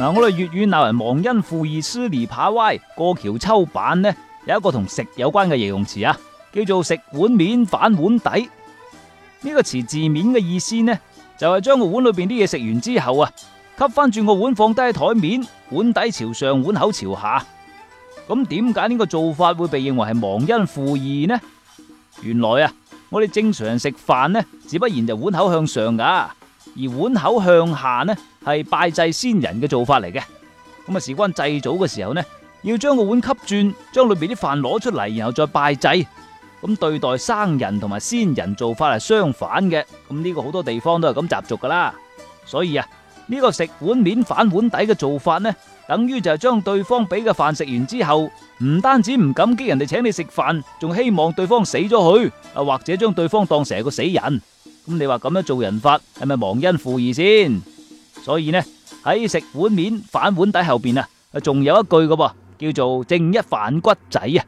嗱，我哋粵語鬧人忘恩負義、食裏扒外、過橋抽板呢，有一個同食有關嘅形容詞啊，叫做食碗面反碗底。呢、這個詞字面嘅意思呢，就係、是、將個碗裏邊啲嘢食完之後啊，吸翻轉個碗放低喺台面，碗底朝上，碗口朝下。咁點解呢個做法會被認為係忘恩負義呢？原來啊，我哋正常人食飯呢，自不然就碗口向上噶。而碗口向下呢，係拜祭先人嘅做法嚟嘅。咁、嗯、啊，事關祭祖嘅時候呢，要將個碗吸轉，將裏面啲飯攞出嚟，然後再拜祭。咁、嗯、對待生人同埋先人做法係相反嘅。咁、嗯、呢、這個好多地方都係咁習俗噶啦。所以啊，呢、這個食碗面反碗底嘅做法呢，等於就係將對方俾嘅飯食完之後，唔單止唔感激人哋請你食飯，仲希望對方死咗佢，啊或者將對方當成係個死人。咁你話咁樣做人法係咪忘恩負義先？所以呢，喺食碗面反碗底後邊啊，仲有一句嘅噃，叫做正一反骨仔啊！